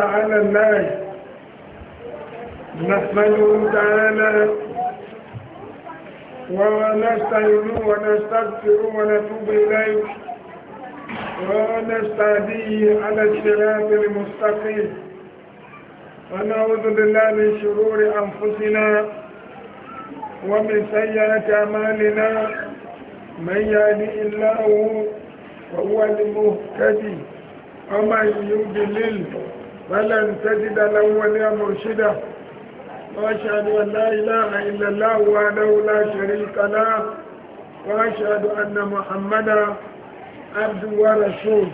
على الله نحمده تعالى ونستعينه ونستغفره ونتوب إليه ونستهديه على الصراط المستقيم ونعوذ بالله من شرور أنفسنا ومن سيئات أعمالنا من يهدي الله وهو المهتدي ومن يضلل فلن تجد له وليا مرشدا وأشهد أن لا إله إلا الله وحده لا شريك له وأشهد أن محمدا عبد ورسول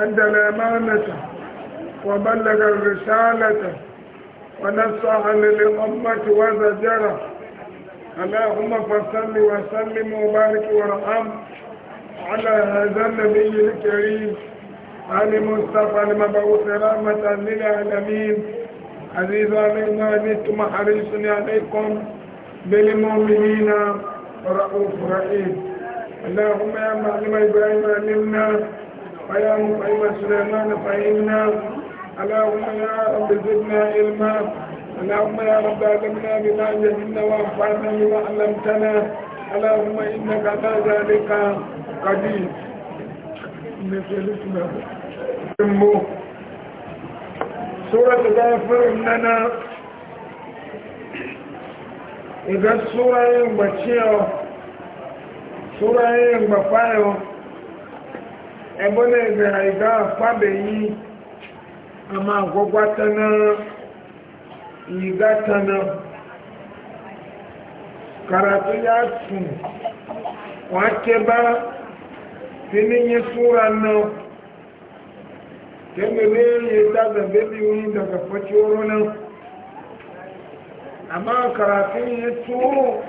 عند الأمانة وبلغ الرسالة ونصح للأمة وزجرة اللهم فصل وسلم وبارك وارحم على هذا النبي الكريم عن المصطفى المبعوث رحمة للعالمين عزيز علينا عليكم حريص عليكم بالمؤمنين رؤوف رحيم اللهم يا معلم إبراهيم علمنا ويا مقيم سليمان فهمنا اللهم يا رب زدنا علما اللهم يا رب علمنا بما جهلنا وانفعنا بما علمتنا اللهم انك على ذلك قدير mu suratu ghafir nana idan sura yin gbaciyo sura yin gbafayo ebe na ibera iga fabeyi ama gwagwatana igatana karatu ya tun wake ba finin sura nan sai ga ya ta zabe biyu daga faciwar nan amma karatun ya turo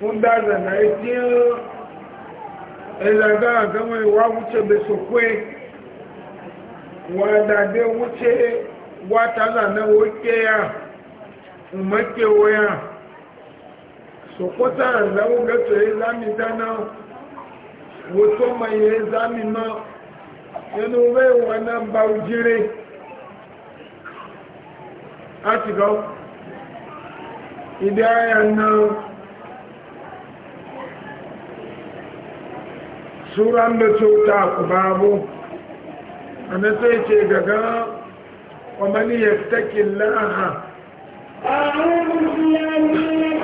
kun da zana ya tiyo ilaga a gama wa wuce da sokwe wadda dai wuce wata zana wuke ya umarke waya sokota zaugato ya zami dana wato mai ya nínú bẹ́ẹ̀ wọn náà bá ojúre láti gọ́ ìdí ayà náà sura da cuta ku babu wanda sai ce gaga wa mani ya taƙi la'aha أعوذ بالله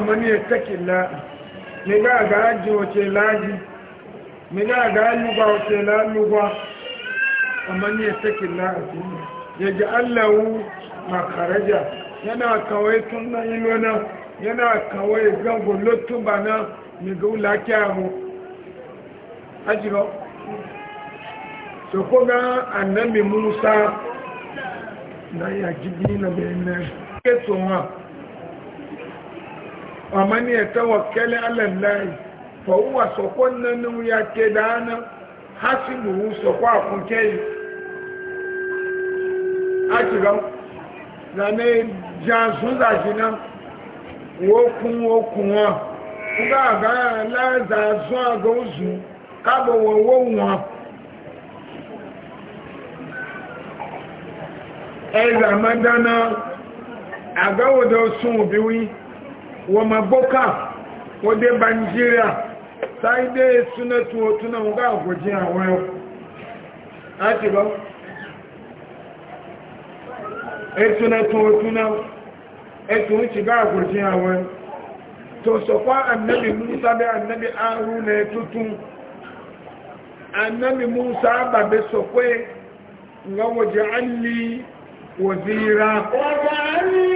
man yattakillah mi ga ga aji wace laji mi ga ga lugwa wace la lugwa man yattakillah yaj'al lahu makaraja yana kawai tun nan ilona yana kawai gango lotun bana mi ga ulakiya mu ajiba so ko na ya gidi na ومن يتوكل على الله فهو سقنا نويا كدانا حسبه سقوا كنتي أتغم لأنه جانسون ذاكنا وكم وكم Nga aga láàzà zún àgọ́ òzù kábọ̀ wọ̀wọ́ wọn. Ẹ̀zà mọ́dáná àgáwòdó sún òbí wí. wa maboka wadda banjira ta ide suna tuwotu na muka agwaji a o a ti ba? e suna tuwotu na etu nci ga agwaji awa wayo to sokwa annabi musa bi annabi aru na etutu annabi musa babe sokwe ga waje anni wazira waje anni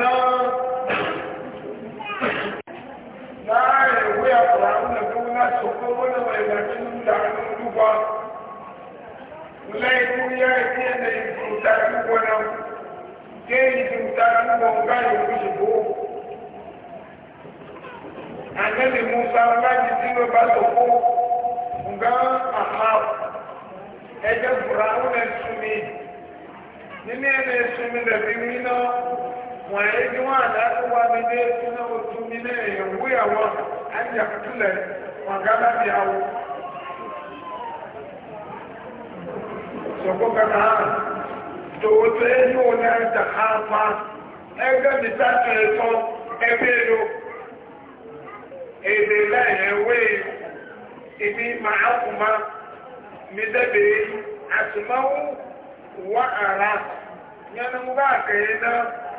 na láàrin ìwé àkùránù nìkan láti ọkọ̀ wọ́nà ìgbà tí ó ń da àwọn olúwa lẹ́yìn tó yá ẹ̀kí ẹ̀nà ìdúrótà púpọ̀ náà jẹ́ ìdúrótà púpọ̀ nǹkan ìlú ìbò àgbẹ̀lẹ̀ musa láti tí ó bá sọ̀kọ́ nǹkan àhà ẹ̀jẹ̀ kùránù nìkan sùnmi nínú ẹ̀nà ìsúnmi lẹ́bí nínú wọ́n yẹ kí wọ́n àdáṣe wá mi dé sínú ojú mi ní èèyàn wúyà wọn àjà kúlẹ̀ wọn ká àwọ̀. sọ̀kọ́ kàkà hàn tòwó tó yẹ kí wọ́n náà jà á fa ẹgbẹ́ mi sáàtò ẹ̀tọ́ ẹgbẹ́ èlò e èdè láyẹ̀ wé mi àrà yẹnu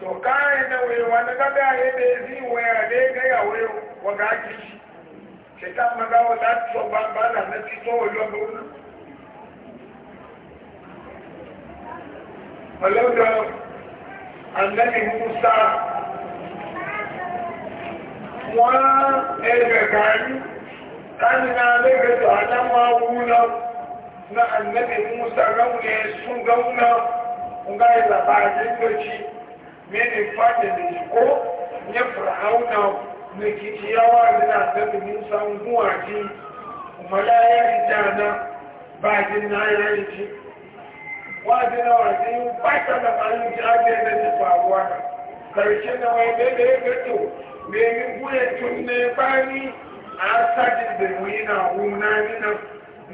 to kayan na wewa na gaba ya da ya zi waya da ya gaya wayo wa gaji shi ke ta maga wa za ta ba ba na na ci to wa yau gona walau da annabi musa wa ẹgbẹ gari kani na lebe to anan ma wuna na annabi musa gauna sun gauna nga yi labarin doci mene fata da iko ya fir'auna mai kiciyawa yana zaɓi nisan guwaji kuma ya yi dana bajin na ya yi ci wajen na wajen yi fata da ɓarin jami'a da ni faruwa na karshe na wai bebe ya gato mai yi guya tun ne bani a sajin da wuyi na huna nina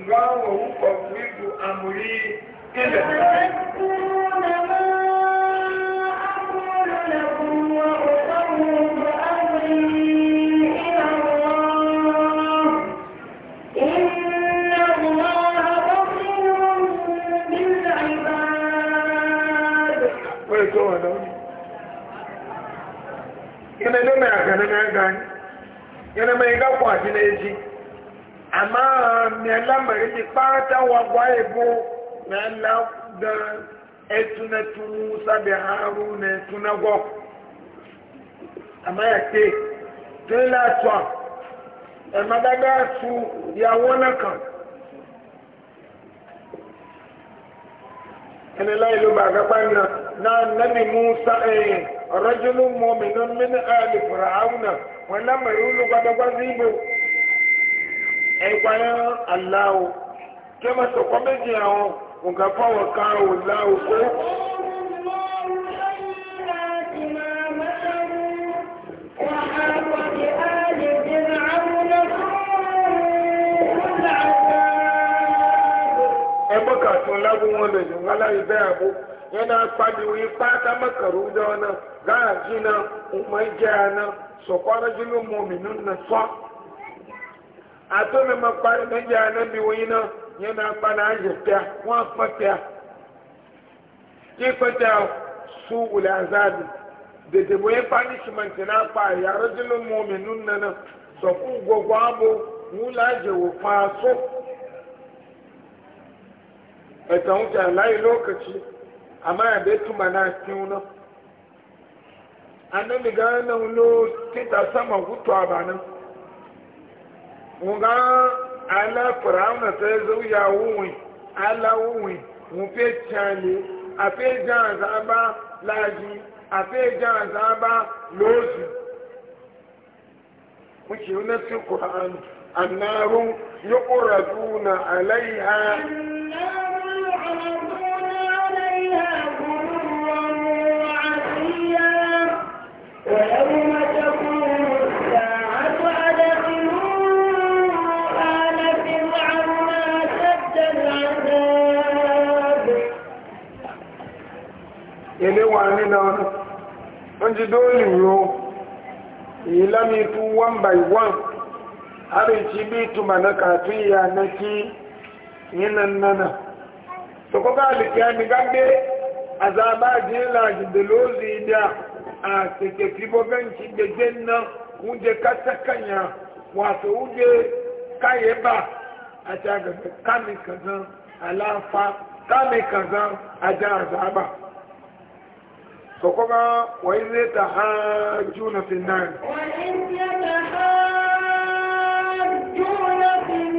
gawa hukwa widu amuri ila yana da mai agana na gani yana mai gakwa ji na eji amma mai lamari ti kpata wa gwa ebo na la da etu na tu sabi haru na etu na gwa amma ya ke tun la twa ẹ madagascar yàwó náà kan ina layi lu ba ga na nabi musa eh rajulun mu'minun min ali fir'auna wala mai ulu ga da gwazibo eh kwayan allah ke lagun wanda jin ala yi baya ko yana kwadi wi fata makaru da wani gaji na umar jiya na so kwara jinin mominun na so a to na makwari na jiya na biyu na yana kwana ajiye fiya wọn fata ki fata su wula zabi da dabo ya punishment na fa ya rajulun mominun na na so kun gwagwabo wula jewo faso ẹ̀tàn oúnjẹ láyé lókàtí àmọ́ ẹ̀bẹ́ túmọ̀ náà tiwọn náà. annabi ga nan lo tita sama hutuwa ba nan nga ala firawuna ta zauya wuwi ala wuwi mufe cale a fe jan zaba laji a fe jan zaba lozi kuke yi nasi ƙura'an annarun yi ƙura'duna alaiha elewa nínú ọ̀nà wọ́n ti dóòlì ro èyí lámì fún one by one àríkí bí ìtumà náà kàtún ìyà náà kí yínà nánà sọkọ́kọ́ àlìkí àmì gágbé àzàbájì ńlá àjìdèlóòzì ìdí àtẹ̀kẹ̀ fíbọ́gẹ́ǹtì gbẹgbẹ́ náà oúnjẹ kátákànyà wàtò oúnjẹ káyébà àti kámi kàzán aláfa kámi kàzán سقما وإذ يتحاجون في النار وإذ يتحاجون في النار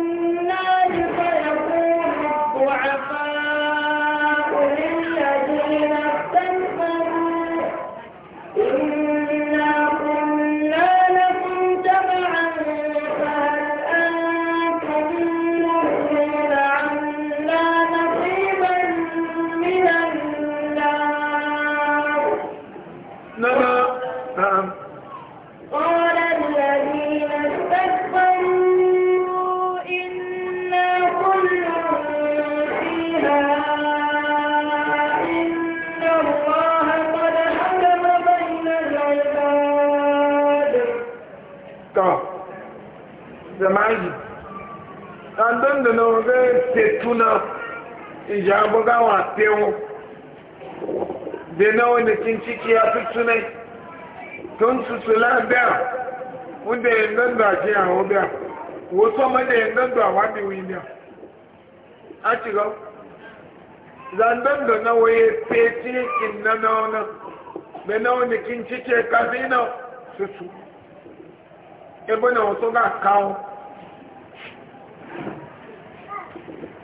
man da na waga tetuna ija abuga wa tewo da na wani cin ciki ya fi tunai tun su tula biya wanda yin don da ake yawo biya wasu ma da yin don da wani winiya a cikin zandon da na waye feti kin na na wani da na wani cin ciki ya kafi na su su ebe na wasu ga kawo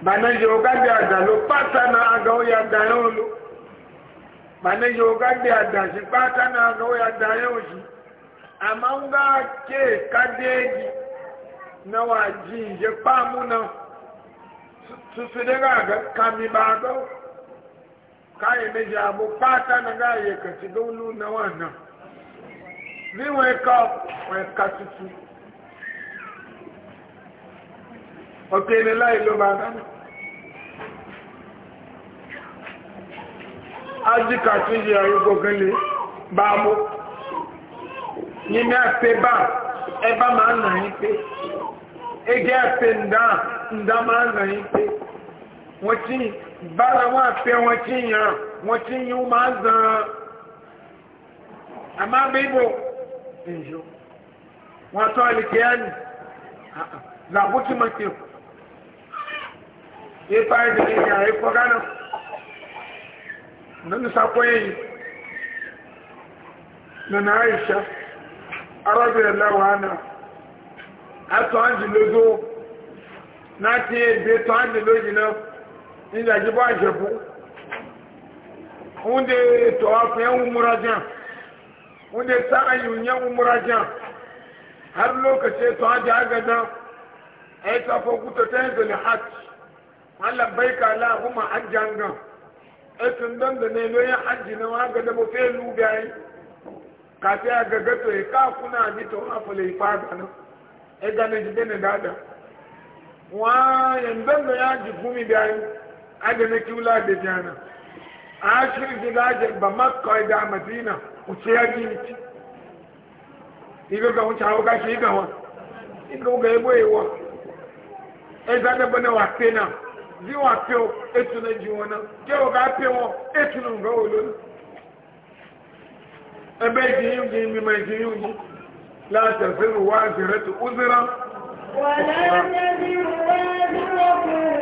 bana yoga de agalo pata na agao ya dayolo bana yoga de adashi pata na agao ya dayoshi amanga ke kadeji na wajinje pamuna susudega ga kamibago kaye meja abu pata na ga ye kasidulu na wana viwe ka we katutu Okay, the light, Lord, ájíkà tí yẹ arúgbó gẹ́lẹ̀ bá mú nínú ẹ̀pẹ́ bá ẹbá máa nà yí pé ẹgẹ́ ẹ̀pẹ́ ǹdá ǹdá máa nà yí pé wọ́n tí bára wọ́n ẹ̀pẹ́ wọ́n tí yàn wọ́n tí yíó máa zàn án àmá bíbò ẹ̀yọ́ wọ́n tọ́ ẹ̀lẹ́kẹ́ ẹ̀nì làbútí mọ́tì ẹ̀pá ẹ̀dẹ̀ nanu sakoyin na na aisha arabiyar lawana a tsohon zo na ti ebe tsohon jilogi na inda ji ba jebu wunde towa fi yan umura jan wunde ta ayyun yan umura jan har lokacin tsohon ji agada a yi tafa guta ta yanzu da hajji wallan bai kala kuma hajjan gan esun don da ne loyin hajji na wa ga dabo fe lu bai ka ta a ga to ka kuna ji to afale fa ga no e ga ne de ne dada wa yan don da ya ji gumi bai a ga ne kiula da jana a shir ji da je ba makka da madina ku ce ya ji ci iga ga wuce hawa gashi iga wa iga ga yebo yewa e da da bana wa pena bí wà pé o ètò náà jí wọn náà kí o bá pé wọn ètò náà gbọ́ wọlé náà ẹbẹ́ ìjìyàn yìí mímọ ìjìyàn yìí láti ẹ̀fẹ́ wá àgbẹ̀rẹ̀ tó kú síra. wà láti ẹ̀fẹ́ wá àgbẹ̀rẹ̀ tó kú síra.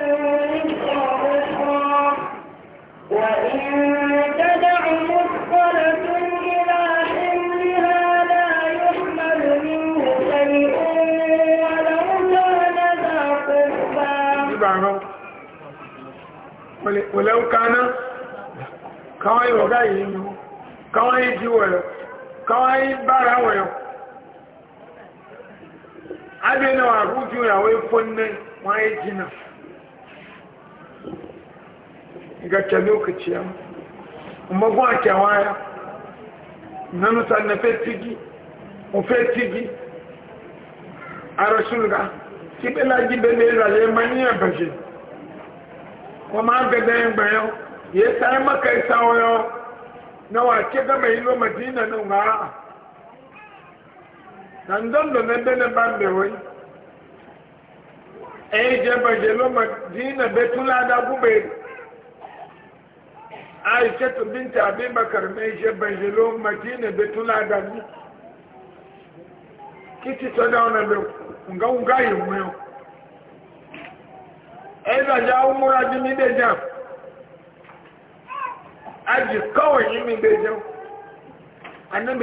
wòlẹ́ ń kaná káwọn ìwọ̀gá yìí mú káwọn ìjí wọ̀yọ̀ káwọn ìbára wọ̀yọ̀ adé náà àrújú ìyàwó ìfọ́nẹ́ wọ́n yé jìnà ìgàkẹ̀ lókèkì ya ọmọgbọ́n àkẹwà ya nínú sanna fẹ́ tígi òfẹ́ tígi arọ́sùlùgá tí bẹ́lá jí bẹ́lẹ̀ ìrọ̀lẹ́ ma ní ẹ̀bẹ̀jẹ̀ wọ́n máa ń gẹ́gẹ́ ń gbẹ̀yọ́ yìí sáyé mọ́kà ìsáwọ́ yọ náà wà ké gẹ́mẹ̀ ìlú mẹ́tìrínà ní ọ̀gá na ndọ́ndọ̀ na ẹgbẹ́ ní bá ń bẹ̀ wọ́n ẹ̀yìn jẹ́ bàjẹ́ ló mẹ́tìrínà bẹ́ẹ̀ tún ládàá gúbẹ̀ àìsẹ́ tó bí ń tà bí bàkàrẹ̀ mẹ́yìn jẹ́ bàjẹ́ ló mẹ́tìrínà bẹ́ẹ̀ tún ládàá gú kí ti sọ́dọ̀ ọ̀nà bẹ̀ ǹgáwùngá yìí wọ́n yọ. ẹ̀dàjá múra jí ní aji kawai yi mi dẹjá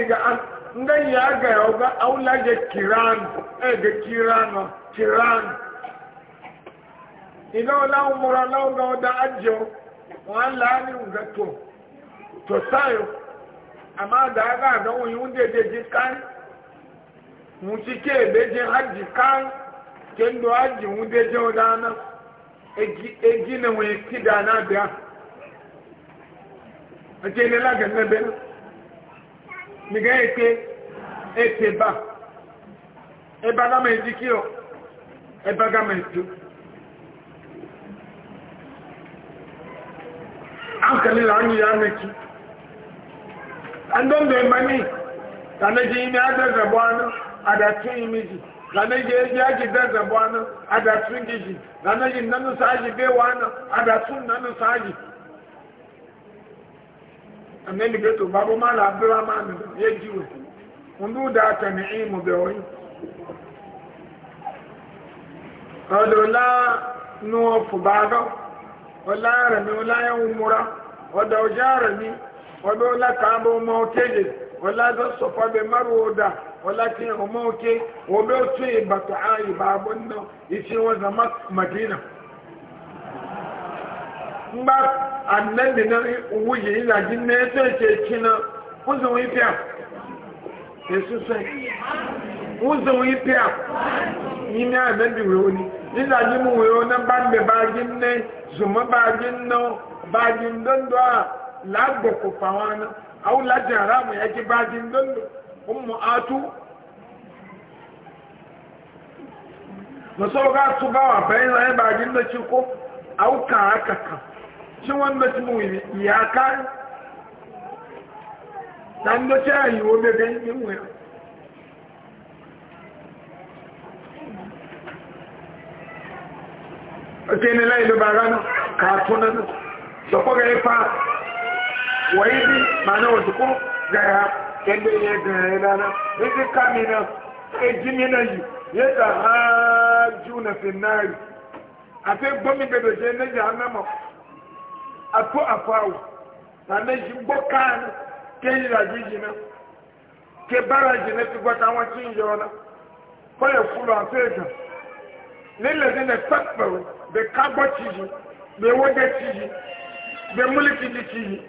ga an Ndị ya ya kiran eh ga kiran kiran idan umura la ga da ọ wala ni ga to to sayo amma da aga ga won yun de mu ci ke be je haji kan kendo haji mu eji na wee kida na abịa ọjọ elela ga mmebe miga eke ete ba ebe aga m eji kio ebe aga m eju akalila anyị ya mechi andọ ndọ emani ka na ji ime adọ zagbo anụ adatụ imi ji zane je ya ji daga bwana ada sun gishi zane ji nanu saji be wana ada sun nanu saji amma ni gato babu mala abdurrahman ya ji wa undu da ta ni'imu be wani adola nuwa fubaga wala rami wala ya umura wada ojarami wada wala kabo mauteje wala da sofa be maru da walakin ọmọ òkè omi otu ìbàtọ̀ ààyèbà abọ́ nná ìṣe wọn zama madina mgba annabi na owó yìí ìlàjì ní ẹ̀tọ́ ìṣe ìṣe na ụzọ wọn ìpìà èsùsọ ụzọ wọn ìpìà yìí ní annabi wèé oní ìlàjì mú wèé oní bá mbẹ báàgì nné zùmọ́ báàgì nná báàgì ndóndó a lágbòkò fáwọn náà àwọn lájì aráàmù yẹ kí báàgì ndóndó. ummu'atu maso ga su gawa bayan zai bagin da ci ko auka haka kan wanda ci mu ya da ci ayi wo be gan wa ake ne lai da ka tunan da ga e wa yi ma'ana wasu ko ga kende ye gɛrɛ nana ne ti ka min na e ji na yi ye ta haa ju na fi naari a te gbɔ min bɛ do je ne ja na ma a to a fa o na ne ji gbɔ kaa na ke yi la ji ji na ke baara ji ne ti gbɔ ta wɔn ti yɔ na kɔ ye fulu a fɛ gan ne lɛ ne ne pɛ pɛ ti yi bɛ wo de ti yi bɛ muli ti di ti yi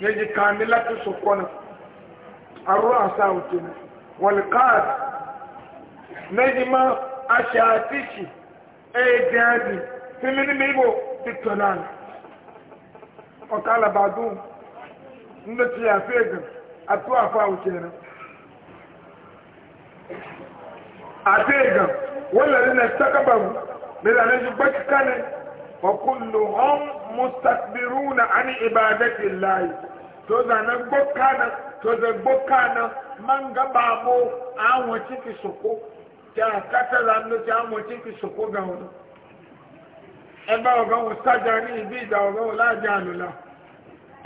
ne ji kaa ne la ti الرأس أوتنا والقاد نجمة أشاتيشي أي جادي في من ميبو بالتنان وقال بعضهم نتي يا فيجن أتوى فاوتنا أتيجن والذين استكبروا بالأنجي بكتاني وكلهم مستكبرون عن عبادة الله تزانا بكتاني tozegbo na manga babo awon ciki soko ta kata zanu ta soko ga wani ẹba ọ̀gá wọn ní ibi ìdá ọ̀gá wọn àlùlá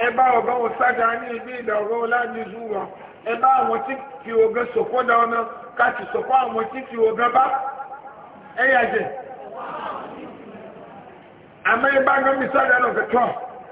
ẹba ọ̀gá wọn ní ibi ìdá ọ̀gá wọn láàjá ẹba àwọn tí fi ogun da káàkiri àwọn tí ogun bá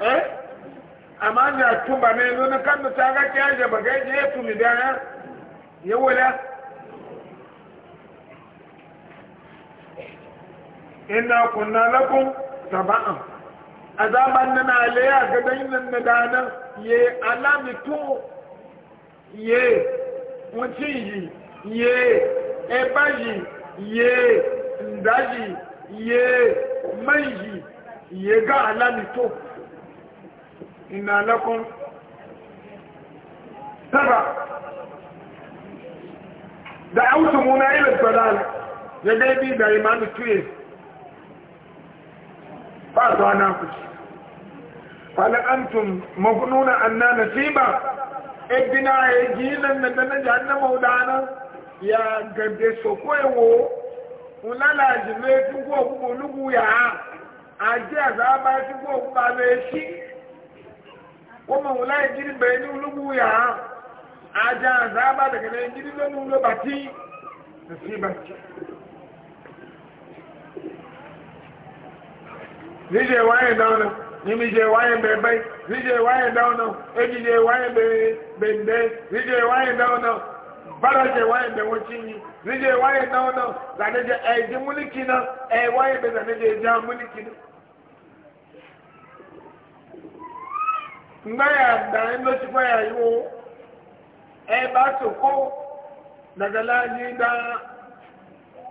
eh amma da tumba ne zo na kan ta ga kiya da bagai ne ya tumi da ya ya wala inna kunna lakum taba'an azaban nan alaya ga dainin na dana ye alamitu ye mutinji ye ebaji ye ndaji ye manji ye ga alamitu إنا لكم تبع دعوتمونا إلى الضلال يجيبي دائما التويس بعض أناقش قال أنتم مغنون أننا نسيبا ابنا يجينا ندنا جهنم ودانا يا قبل سوكوه ńlálà jùlọ etí kó òkú olúkú yà á àjẹ́ àzábá tí kó òkú bá lọ eṣí woman wò láì jírí bẹ̀rẹ̀ ní ológun yà á ajá àzába dẹ̀gẹ̀dẹ̀ jírí lónìí ló bà tí sí bà tí. níjẹ wáyé dáwọn náà níjẹ wáyé bẹ̀rẹ̀ bẹ́ẹ̀ níjẹ wáyé dáwọn náà ejijẹ baraje na ai waye da mgbe ya da emetukwa ya iwu ebe atụkọ daga laji da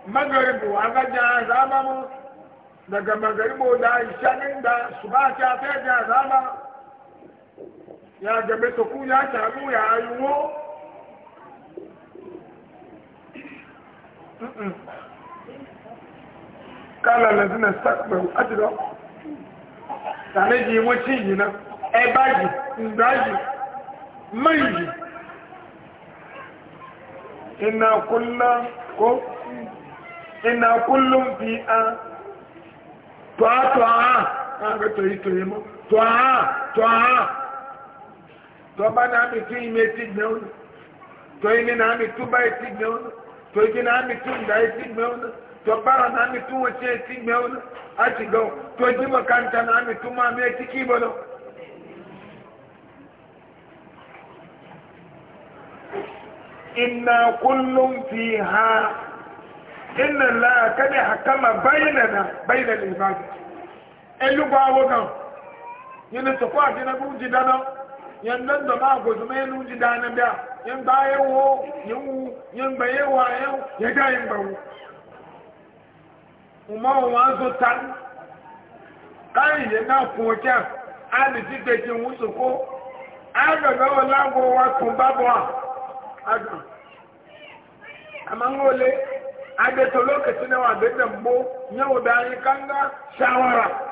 magaribu agaja zama mu daga magaribu da ishanin da su ba ta zama ya gabe tuku ya taru ya iwu kala lazina sakbaru Ajiro, tare ji yi na. ẹbájì ìgbájì méjì ìnàkúnlùm fi a tọ́ a tọ́ e e e a ààrẹ tòyí tòyí mọ́ tọ́ a tọ́ a tọ́ bá náà mi tún ìmẹ́ ti gbẹ̀ ọ́nà tọ́ ìní náà mi tún bá ti gbẹ̀ ọ́nà tọ́ ìní náà mi tún ìdá ti gbẹ̀ ọ́nà tọ́ bára náà mi tún wọ́n ti gbẹ̀ ọ́nà àti gbẹ̀ ọ́ tọ́ ìdí mọ̀kántà náà mi tún máa mẹ́ ti kí bọ́lọ́ إنا كل فيها إن الله قد حكم بيننا بين العباد اللغة وغن yana tafiya ji na guji dana yan da ma guji mai nuji dana biya yan wo yan wu yan wa yan ya ga yan bawo umma wa zo tan kai ya na ko kya da wusu ko an ga ga wala kun babawa adùn amangole, ngole ade to lokaci na wa da bo kanga shawara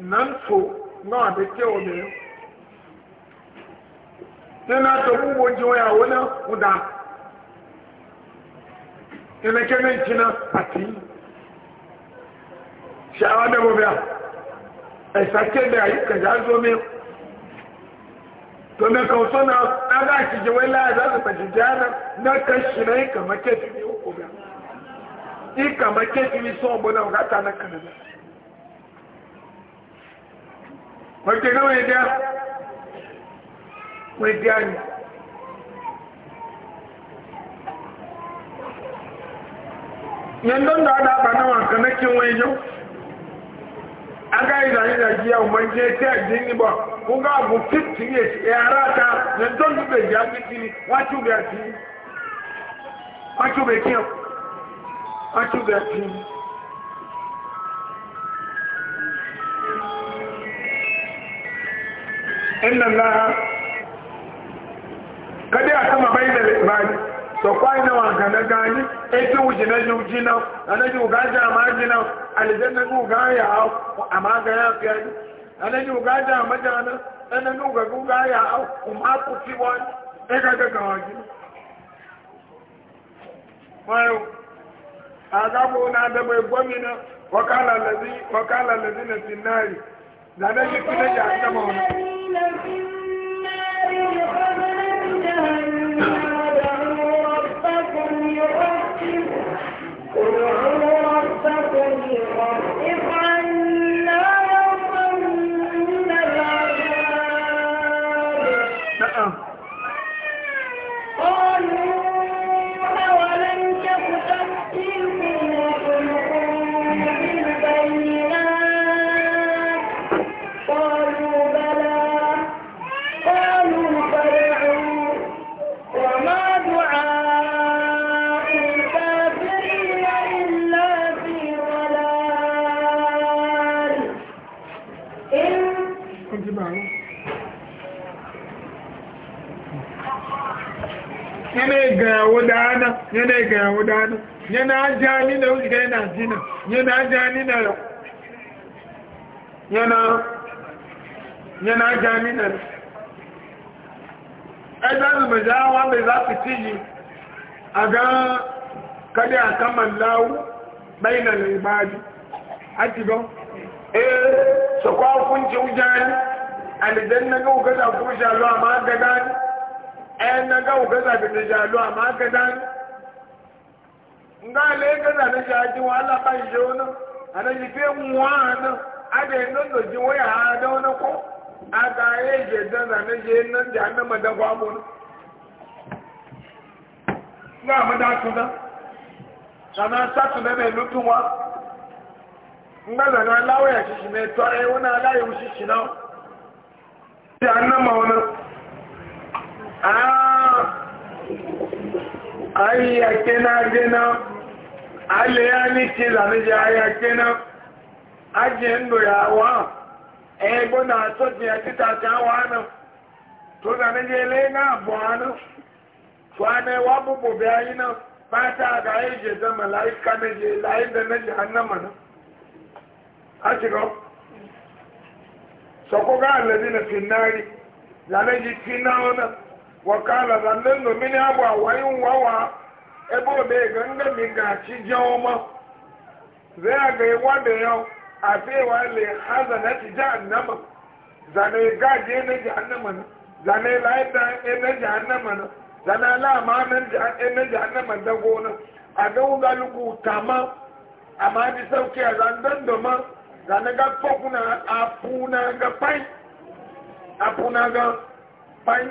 Nanso, so na da kewa da yau nana to bubo ji waya wani uda ina kenan kina pati shawara da bobiya a sake da yi ka ja zo to na kauso na na ba ki ji wai la za su faji jana na kashi na ika make fi mi uku ga ika make fi mi son bona ga ta na kana na ko ke ga wai da wai da ni yandon da da ba na wa kana kin wai yau aga yi na yi na ya umar ndị ta yi ni ba kun ga abu fifty years yara ta na don dube ji a fifty ni wacu bai ati wacu inna kada a kama da sokwa ina wa gana gani eti uji na ji uji na anaji ugaja ma ji na alijanna ni ugaya au ama ga ya pia ni anaji ugaja ma jana ana na uga ugaya au ya ku ti won e ga ga ga waji wayo agabu na da bai gomina wakala lazi wakala lazi na tinari da da shi kida ya annaba ادعوا ربكم yana ga yawo dano yana ajali na wuce yana jina yana ajali na yau yana yana ajali na ai za su majawa mai za su ciji a ga kada a kaman lawu bai na laibadi a cigon eh sakwa kunci wujani alidan na ga ukasa kuma shalu a ma ga dani ɗayan e, na ga ukasa shalu a ma nga le ga na ja ji wa la ba jo no ana ji fe wa no ade no do ji wa ya da no ko aga ye je da na ne je no ja na ma da kwa mo nga ma da tu da sana sa tu ne lu tu wa nga da na lawo ya shi ne to ai wona la ya shi shi na ja na ma wona ah ai ya kenan alẹ́ yá ní ti lànàjẹ́ ayá kéná ajẹ́ ń yà wá ẹgbọ́n náà sọ́tì àti tàtà wà náà tó lànàjẹ́ ilé náà bọ̀ á náà tó á náà wá bùbù bí ayé náà bá tá a gà ayé jẹ dẹ́mọ̀ láì kánẹ́jẹ́ láì dẹ́nẹ́jẹ́ anámọ̀ náà á ti rọ sọ́kọ́ gáà lẹ́bí náà fi fi náà wọ́n ká àwọn á. ebe odega ndị ga-achị ji ọma zai ga iwa da yau a fewa le haza na ci ji annama zane gaji na ji annama na zane laita na ji annama na zane lama na ji annama da gona a ga ugalugu tama amma ji sauki a zandan doma zane ga fokuna e e e a funa ga pai a funa ga pai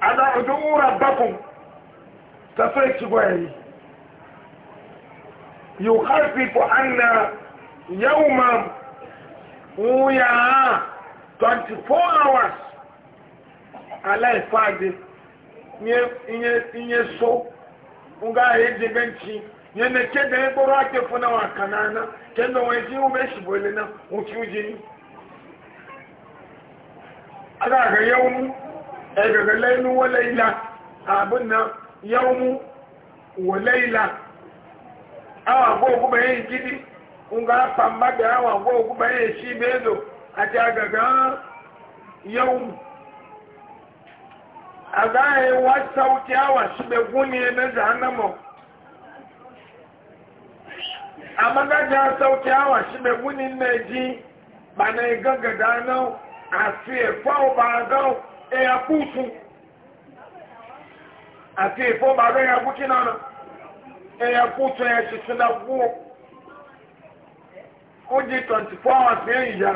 ta yi udumu rabbakum tafai an na anna ma uya 24 hours alaifade inye so nga eji benci nye na kenda eboro ake funawa kanana kenda wa ji ume shibole na uchi ujini aga ga yawmu daga lailun wa na abin nan awa gogu bayan gidi nga famba da awa gogu bayan shi bezo a ta agaga yawmu a gaye wa awa shi be na zanamo a ga ja sauki awa shi be na ji ba na gaggada nan a fiye kwa ba zau ẹ̀yà kúùtù àti ìfọ́bàrọ̀ ẹ̀yà kúùtù náà ẹ̀yà kúùtù ẹ̀yà ṣiṣẹ́ náà kú ó di twenty four hours ní ìyá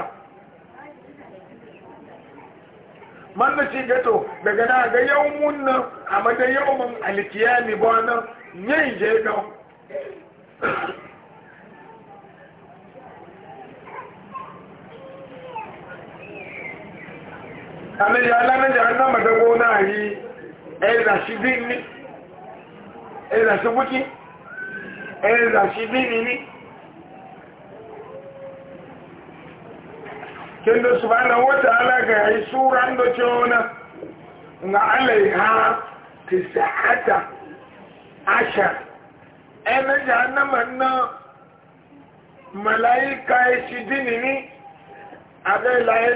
mọ́nàtí gẹ́tò daga náà ga yau munna a mada yau mun alkiyami bọ́ náà yẹ́ ìjẹ́ náà àmì alámẹ́jà námàdọ́gbọ́ náà yí ẹ̀rẹ̀ṣìbí ní ẹ̀rẹ̀ṣìbúkí ni. ní ní kendo ana wa ala ga yi sura ndo chona nga alaiha tis'ata ashar ene jahannama na malaika yi ni aga ilaye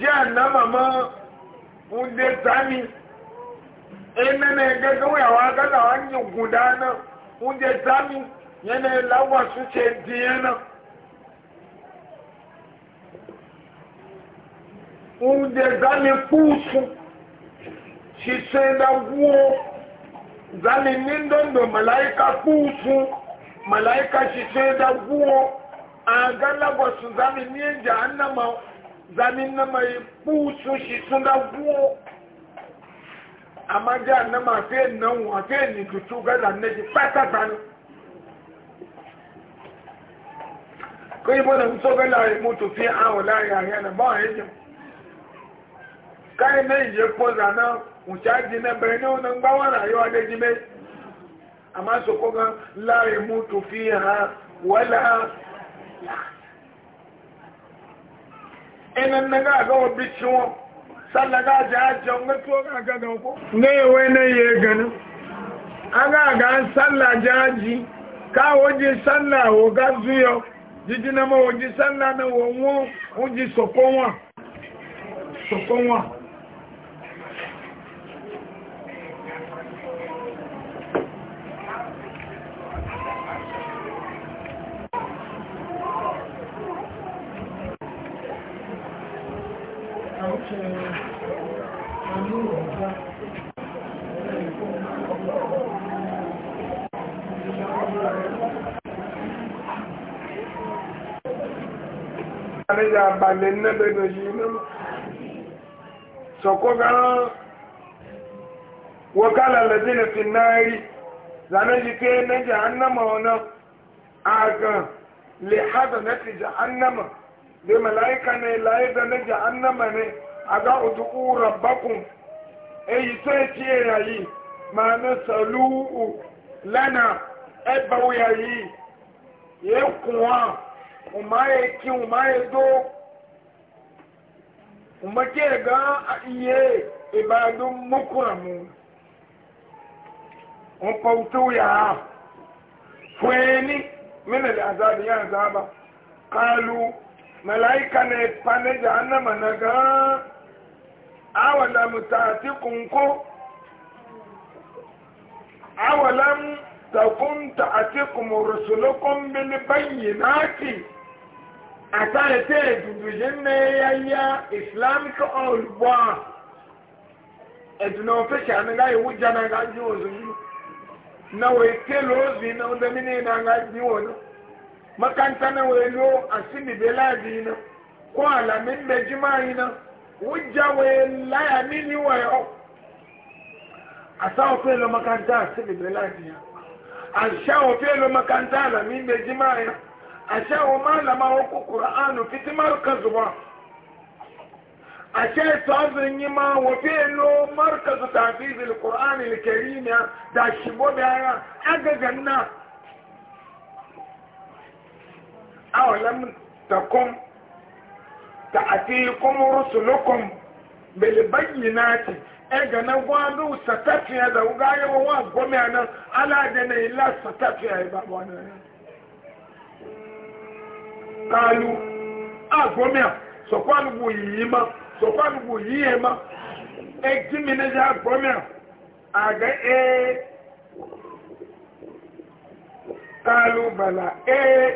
jahannama ma wunde tani enene gẹ́gẹ́ wọ́n àwọn agádà wọ́n ń yìn gùdá náà wunde tani yẹn láwàsú ṣe dìyẹn náà wunde tani kúùsù ṣiṣẹ́ dáwọ́ zani ní ndọ́ndọ̀ màláíkà kúùsù màláíkà ṣiṣẹ́ dáwọ́ àgálàbọ̀sù zani ní jahannama wọ́n zamin na mai busu shi suna buwo amma ja na ma fe nan wa fe ni tutu ga da ne ji pata bani ko ibo na so ga la mu fi a wala ya ya na ba ya ji kai ne je ko za na mu cha ji na be ne na ngba wa rayuwa da ji me amma so ko fi ha wala la inan na ga obi wabi salla sannan ga ji hajjan ga tuwo ga ga na ko ne wai na yi ganin an ga ga an salla ji ka waje salla wo ga zuyo jiji na ma ji salla na wo o ji sokon wa sokon wa alẹ́jà àbàlẹ̀ nẹ́bẹ̀ẹ́dọ̀ yìí náà sọ̀kọ́ gan wọ́kálà lẹ́jìnà fi na rí zanẹ́jì pé nẹ́jà annama ọ̀nà àgàn na hádọ̀ nẹ́tìjà annama malaika na ilaida na nẹ́jà annama ní àgá òtùkú rabakun èyí tó ẹ̀kí ẹ̀yà yi máa ní sàlúù lana ẹ̀bàwò yà yi ya kùn umaye ki umaye do umake ga iye ibadu mukuramu pautu ya fweni min alazabi ya azaba qalu malaika ne pane jahannama naga awala mutatikum ko awalam takun ta'atikum rusulukum bil bayyinati atare te duduye meya ya islamic oil bua eduna ofesha na ga iwu ja na ga ji ozu yi na wee kele ozi na ụdọ mini na ga ji wọnụ makanta na wee lo asini bela ji na ko ala mi mbe jima yi na wujja wee laya mini wee ọ asa ofe lo makanta asini bela ji ya asha ofe lo makanta ala mi mbe jima ashe wa malama wako ƙura'anu fitimar ka zuba ashe sazin yi ma wafe lo markazu tafizil ƙura'ani likerimiya da shigo da yara agagan na awalam takum ta'atikum rusulukum bil bayyinati ega na gwanu satafiya da ugaye wa gome nan ala da na ila satafiya ba wannan kalu agbomia sokwanu bu yiyi ma sọkwanu bu yiye ma eti minezi agbomia aga ee kalu bala ee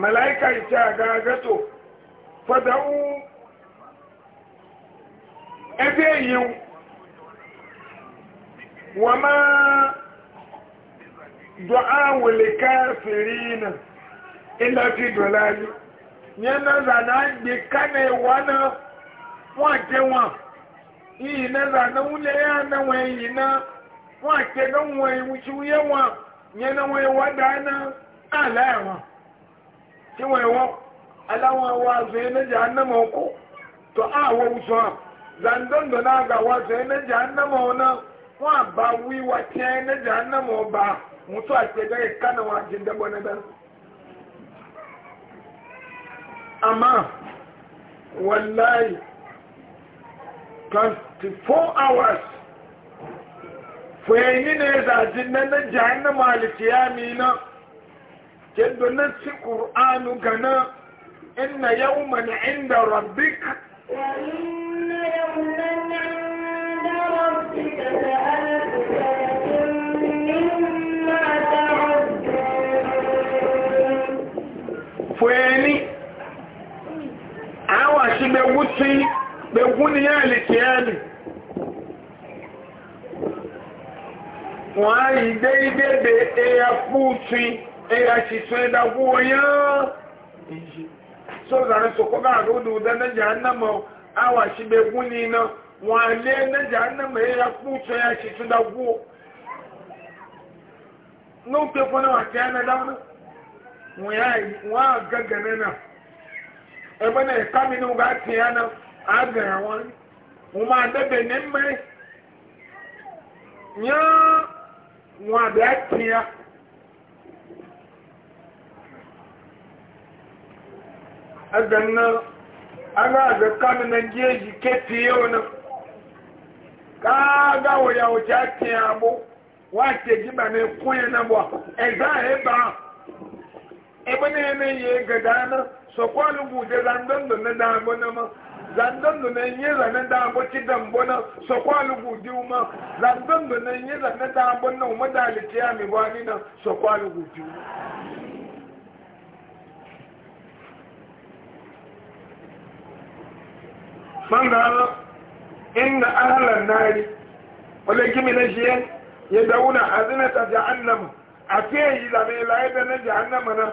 malaika ite aga aga agato fadawu ebe yiwu wama du'a wuli na. ìlọ́tí dọ̀lá naza yẹnà zànà gbé na ìwà na wọ́n àti na zànà wúlẹ̀ yà náà wọ́n yìí náà wọ́n àti náà wọ́n ìwúsí wúyẹ́ wọn yẹnà wọ́n ìwà dáná àlá ẹ̀wọ̀n tí wọ́n ìwọ́ aláwọ̀ ẹ̀wọ̀ àzọ yẹn na jẹ́ anamọ̀ kó tó àwọ̀ wùsọ̀ à zàndọ̀ndọ̀ náà gà wọ́n أما والله 24 hours فين نزا جنن جهنم مالك يا مينا جدنا في قرآن غنا إن يوما عند ربك وإن يوما عند ربك فأنت مما تعبد فين gbẹ̀wú tí gbẹ̀wú ní ẹ̀lì kí ẹ̀lì wọ́n á yìí dé ìdébè ẹ̀yà fúùtì ẹ̀yà ṣìṣẹ́ ìdàgbò yán sọ́dọ̀rẹ́ sọ̀kọ́gà àdúdú dánẹ́jà náà àwà ṣìgbẹ̀wú ní iná wọ́n á lé ẹ̀nẹ́jà náà ẹ̀yà fúùtì ẹ̀yà ṣìṣẹ́ ìdàgbò ní ó pẹ́ fún náà àti ẹ̀nẹ́dá wọn á gẹ́gẹ́ náà ebe na ekaminu ga ti ya na agara wọn wọn ma debe ne mmiri nya wọn abịa ti ya agan na aga aga kanu na jeji keti na ka aga waya wuce ati ya abu wace jiba na kunye na bua eza ebe a ebe na eme ya gada na sọkwọlu bụ ụdị zandọndọ na dagbo na ma zandọndọ na enye za na dagbo chidambo na sọkwọlu bụ ụdị ụma zandọndọ na enye za na dagbo na ụmụdali chiyami bụ anyị na sọkwọlu bụ ụdị ụma mangala inna ahlan nari wale gimi na shi ya dauna azinata jahannama a fiye yi zame la'ida na jahannama na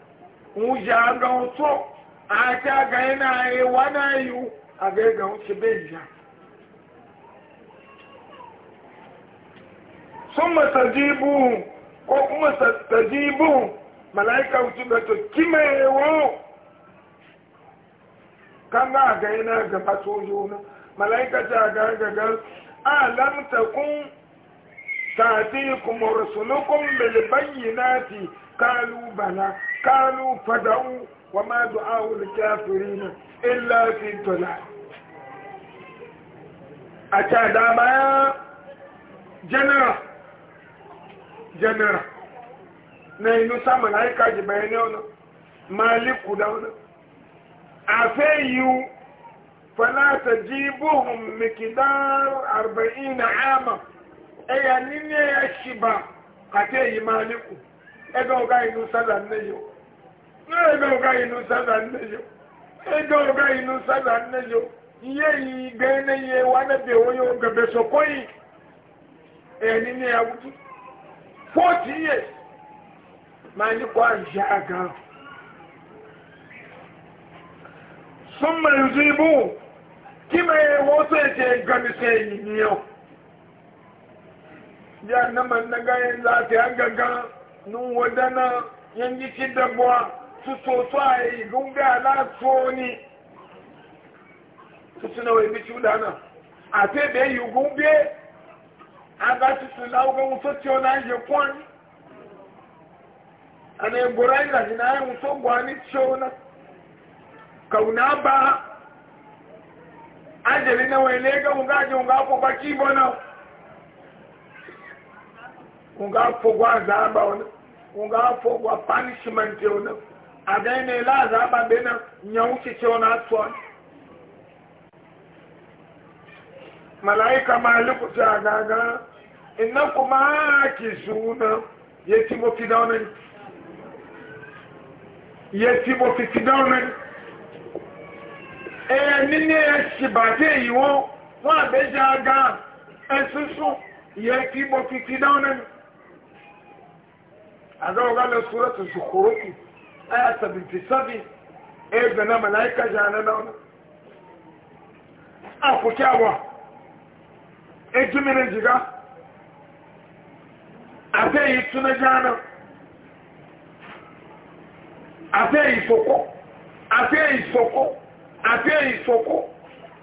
wuja ga wato a ta ga yana na wana yi a ga ga wuce sun ja sun ko kuma sajibu mala'ika wuce da to kima yi wo kan ga na yana ga faso juna mala'ika ta ga ga ga alam takun ta'tikum rusulukum bil bayyinati qalu kalubala kánú fàdáwù wọ́n máa dùn àwọn olùkẹ́fìrí náà ilẹ̀ fi tọ̀lá àti àdábáyá general general na inú sámàlá ìkàjì bẹ̀rẹ̀ ní ọ̀nà máa líkù dáwọn àfẹ́ yíò fọ́láta jí bóhùn mìkìdáàrù àrbẹ̀yìn na àmà ẹ̀yà nílé ẹ̀ṣìbà kàtẹ́ yìí máa líkù ẹgbẹ́ ọgá inú sálà nílé yìí ego ọga inu sada nnejo ego ọga inu sada ihe yi na ne ye onye ogebe sokoyi eni ne agutu 40 years ma ni kwa jaga aga yuzibu ibu ye woso ete gamise yiniyo ya na man ya yin zati an gaga nun wadana yanki ci tutoto a igunga alatoni tutu na webi na udana ati ebe aga tutu na oge wuso ti ona ye kwani ana egboro anyị na na anyị wuso na ka una ba ajeli na wee lega nga aje nga akwụkwa chi igbo na nga akwụkwa azaba ona nga punishment ona agaghị laza ele e, aza agbabe na nyanwụ chiche ọ na-atụ malaika maliku ta gaga inna kuma ki zuna yati mo fi daunan nini e yiwo wa be jaga esusu yati mo fi daunan aga suratu zukhruf aya 77 e gana malaika jana na wani a ku kyawa e jiminin jiga a ta yi tuna jana a ta yi soko a ta yi soko a ta yi soko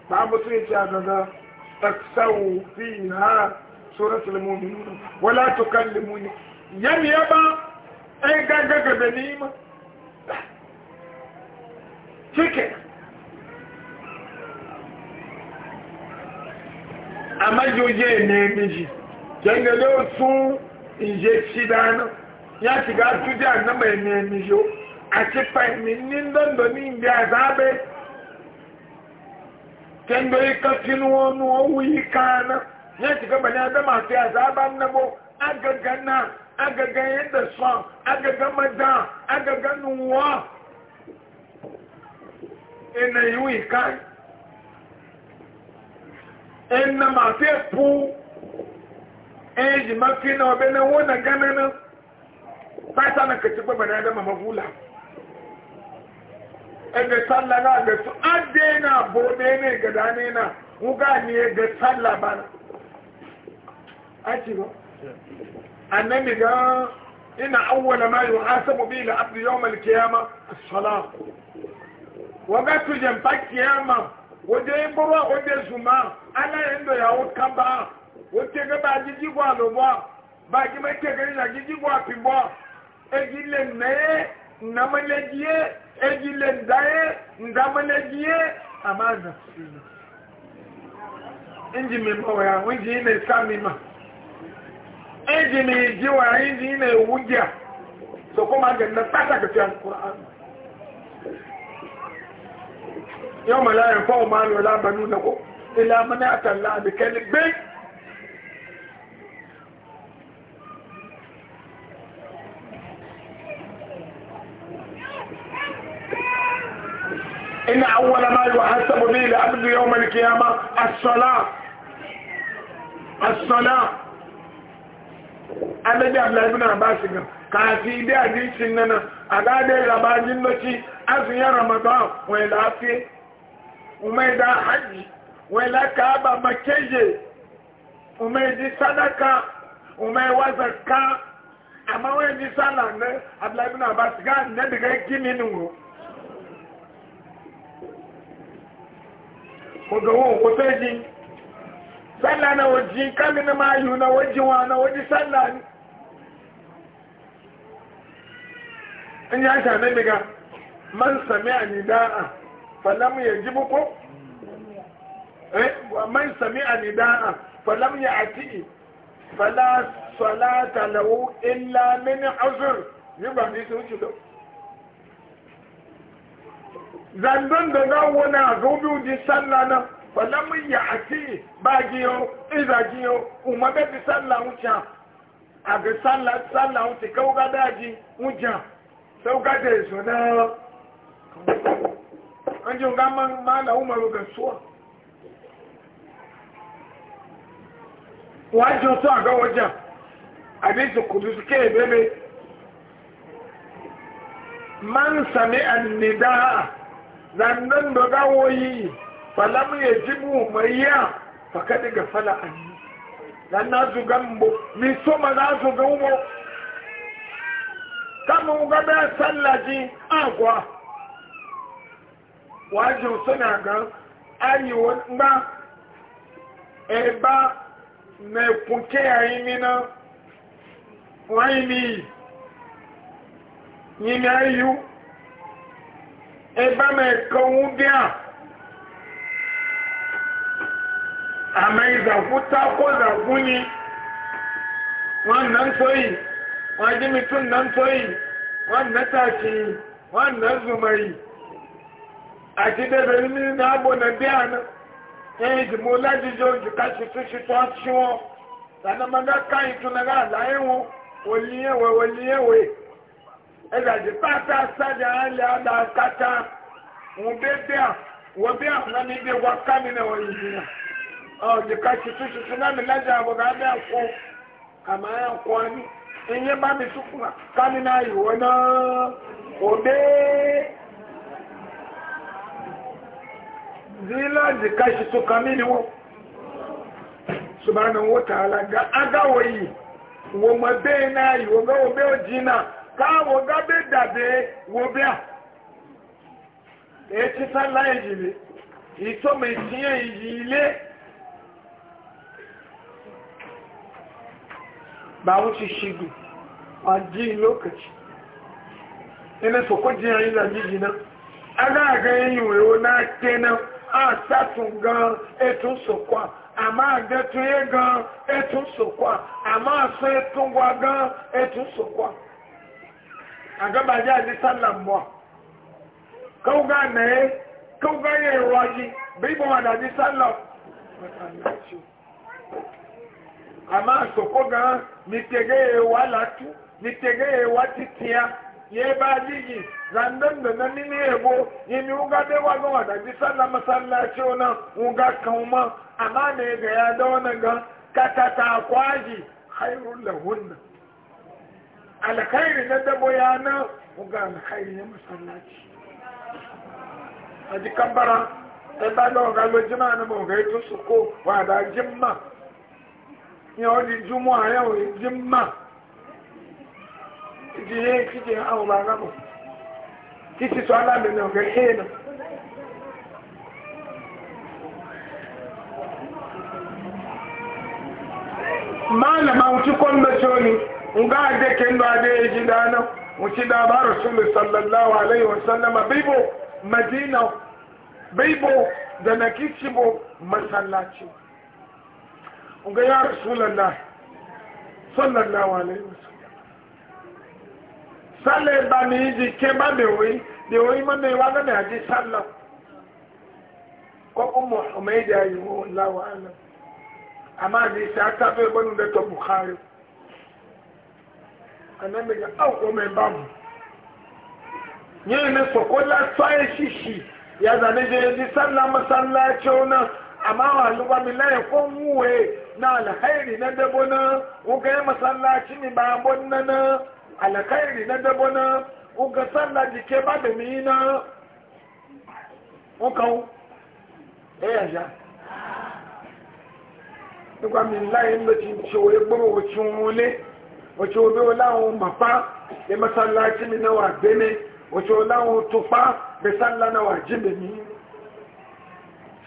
ba mutu ya ce a gaza taksawu fi ha suratul mu'minun wala tukallimuni yami yaba ai gaggaga da nima ticket. Ama yo ye ene meji. Jenge le o tun inje ti dana. Ya ti ga tu di an nama o. A ti pa ni ni ndo ni ndi azabe. Kendo yi onu o yi ka ana. Ya ti ga ba ni adama ti azabe an Agaga na. Agaga yenda swa. Agaga madan. Agaga nuwa. Agaga nuwa. ena iwu ikai ena ma fi pu eji mafi na obe na wona gana na fata na kaci gbogbo na adama mavula ebe tsalla na ga su ade na bode ne ga dane na wuga ne ga tsalla ba na a ci ba annabi ga ina awwala ma yuhasabu bi la abdu yawm al as-salah waga tuje mpakiyama wode iborwa wode zuma ala yendo ya ukamba wotege bagijigwa lobwa bagimategereza gijigwa pibwa egile neye namalegiye egile ndaye ndamalegiye amaza inji mima waya inji ine samima inji ni ijiwa inji ine uja sokoma agenda tata katika Qur'an yau ma layin fawo ma lo la banu na ko ila mana atalla bi kalbi إن أول ما يحسب به العبد يوم القيامة الصلاة الصلاة Adéjì Abdullahi Abbas gan, kààfi ilé àdíṣin nana, àdáadé ìràbájí ń lọ sí, a fi yẹ́ Ramadan wọ̀nyí láàáfíẹ́. umeida haji welaka aba makeje umeji sadaka umeiwa zakka amma wayan ji sallah ne abdullahi ibn abbas ga ne daga gimi nungo kodo wo ko teji sallah na waji kalli na mayu na waji na waji ni in ya sha ne daga man sami'a nida'a falam ya ji buko man sami a nida'a falam ya ati fala salata lahu illa min azur ni ba ni sun ci da zandon da na wani a zobe ji sallah na falam ya ati ba giyo iza giyo umaga bi sallah wuce a ga sallah wuce kawo ga daji wuce sau ga ya so na anjin gaman mala umaru ga suwa wajen su a ga wajen abin su kudu bebe man sami annida zannan da gawoyi falam ya jibu mai ya fakadi ga fala annu dan na su gambo mi soma ma za su gambo kama ga bai sallaji agwa wajen suna gan ayewa ba eba na kunke yayi mina wani mi yi na ayu eba mai kanwu biya a mai zafuta ko zafuni wannan soyi wajen mutum nan soyi wannan tashi wannan zumayi àti bẹ́ẹ̀ ní nínú àbọ̀nà bí àná ẹ̀yìn ìdìbò lájíjọ ojú ká ṣètò ṣètò ọtí wọn tànàmọ́dá ká ìtúnára àlàyé wọn wòlíyẹ̀wẹ̀ wòlíyẹ̀wẹ̀ ẹ̀dàjì pátá sájà alẹ́ àdá kátá wọn bẹ́ẹ̀ bí à wọ́n na zila zikashi soka kamili wo subhanahu wa ta'ala ga aga wo ma be na yi wo ga wo be ojina ka wo ga be dabe wo be a e ti sala ejile ito me tiye e ile ba wo ti shigu a lokaci ina so ko jiya ila na aga aga yin e yiwo e na kenan asatun gan etu sokwa ama agetun ye gan etun sokwa ama aso etun wa gan etun sokwa agabaje adi sallam wa kaw ga na ye kaw ga ye raji bi bo wa adi sallam ama asoko gan mi tege ye wa latu mi tege ye wa titia ye ba jiji zandan e da na mini yabo ye mi uga be wa ga wada bi sallah masallaci ona uga kauma amma ne ga ya da wannan ga katata kwaji khairul lahunna alkhairi na dabo ya na uga alkhairi ne masallaci aji kambara e ba da ga lo jima na mo ga to suko wa jimma ni odi jumu ayo jimma ìdílé kíjì àwọn ọmọ arábọ̀ títí sọ alábẹ̀mẹ̀ ọ̀gẹ̀ kéènà máa nà máa wùtí kọ́ mẹ́sọ́ ni ǹgá àdé kẹ́ndọ̀ adé èjì dáná wùtí dábà rọ̀sùlù sallallahu alayhi wa sallam bíbò madina bíbò danakíṣibò masallaci ǹgá yà rọ̀sùlù sallallahu alayhi wa sallam sálẹ̀ bá mi ìdí ké bá mi wé ní orí mọ́ mi wá lọ́nà àjí sálọ kọ́kọ́ mọ̀ ọmọ èdè àyíwò láwọ̀ àná àmà àjí sí atábẹ́ ìbọnú lẹ́tọ̀ buhari anamíga ọkọ̀ mẹ́ bá mu yẹ́n mi sọ̀kọ́ látọ́ ayé ṣíṣì yàtọ̀ níjẹ́ ẹni sálà mọ́sálà ẹ̀kẹ́ ọ̀nà àmà àwọn àlùbá mi lẹ́yìn kó ń wúwe náà làhẹ́rì náà dẹ́gbọ́n náà wọ́n kẹ́ mọ́sálà ẹ̀kí mi bá a bọ́ nínú alakairi na dabo na uga sallah jike ba da mi na ukan eya eh, ja nígbà mi láyé ń lọ ti ṣe òye gbọ́mọ̀ òtún wọlé òtún òbí oláwọn màpá ẹmẹ́sàlájí mi náà wà gbémi òtún oláwọn tupá bẹ́sàlá náà wà jíbe mi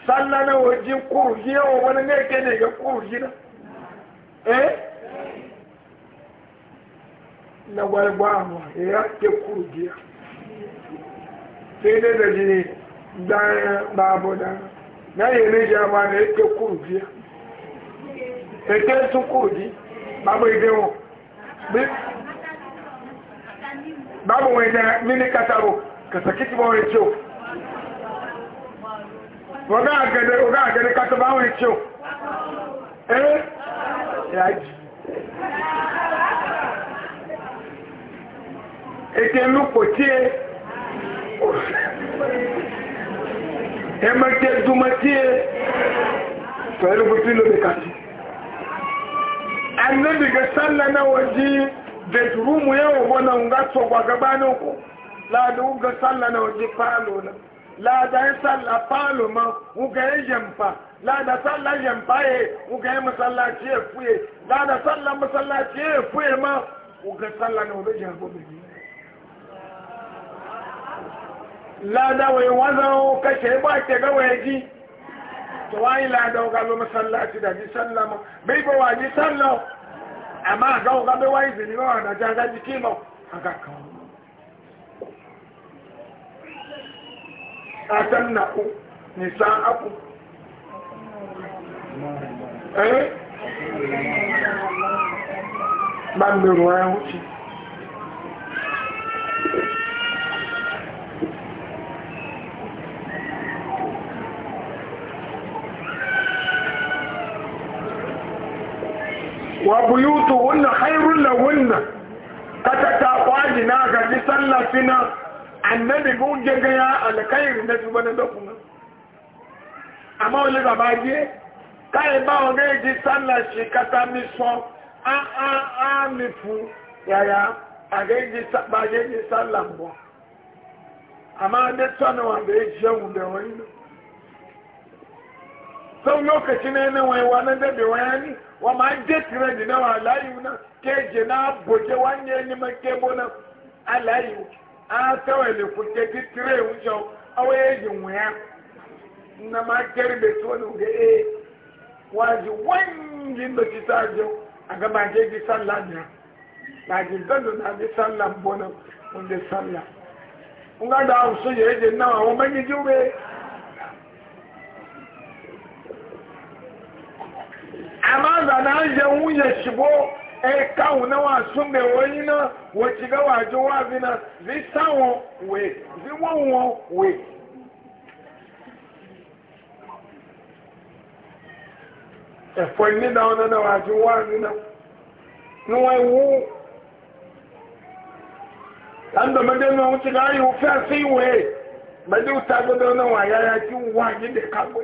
sálá náà wà jí kúrò yí ẹwọ wọn ní ẹ̀kẹ́ ní ẹ̀yẹ kúrò yí náà na gwalgwama ya ke kurgiya sai dai da jini daya babu da na yi rijiya ba da ya ke kurgiya eke sun kurgi babu idewo babu wani da mini kataro ka saki ti ba wani ciwo waga agade kataba wani ciwo eh ya ete lukotie emete dumatie tɔyɛlɛ butu lobe kati anabi ga salla na waje bedroom ya wa wannan ga tsogwa gabanin ku lada ga salla na waje falo na lada ya salla falo ma uga ya jamfa lada salla jamfa ya uga ya masallaci ya fuye lada salla masallaci ya fuye ma uga salla na waje jago bege lada wai wazan kashe ba ke ga wai ji to wai lada ga lo masallaci da ji sallama bai ba waji sallo amma ga ga bai wai zini ba da ja ga jiki ma haka ka atan na ku nisan aku eh ban da ruwa ya wuce wa buyutu wunna khairun la wunna kata ta kwaji na ga ji sallah fina annabi bu je ga ya alkhair na ju bana da kuma amma wale ga ba je kai ba o ga ji sallah kata mi so a a a mi fu ya ya a ga ji ba je ji sallah bo amma da tsano wa ga ji shehu da wani sau lokaci ne na waiwa na dabe wayani wọ́n máa ń dé tirẹ̀ nínú àwọn aláìwò náà kéèjì náà bòjé wá ní ẹni máa ké náà aláìwò á sẹ́wọ̀ ẹ̀lẹ́ fún kéèjì tirẹ̀ jọ ọwọ́ èyí wọ̀n ya nà máa kẹ́rì n'oge tó ní òkè é wọ́n á ju wọ́n yìí ń lọ́tí sáà jọ àgbàmọ̀ sálà nìyà làjì náà sálà náà sálà. ń gbàdọ̀ náà àwọn amma da na yawun ya shigo eh kawo na wasu mai wani na wace ga waje wazi na zai sawo we zai wawon we ẹ̀fọ́ ní dáwọn náà wájú wazi na ní wọ́n wú láńdọ̀mọdé náà wọ́n ti ráyè òfin àti ìwé mẹ́lẹ́ ìtagbọ́dọ̀ náà wà yáyá tí wọ́n wá yí lè kágbé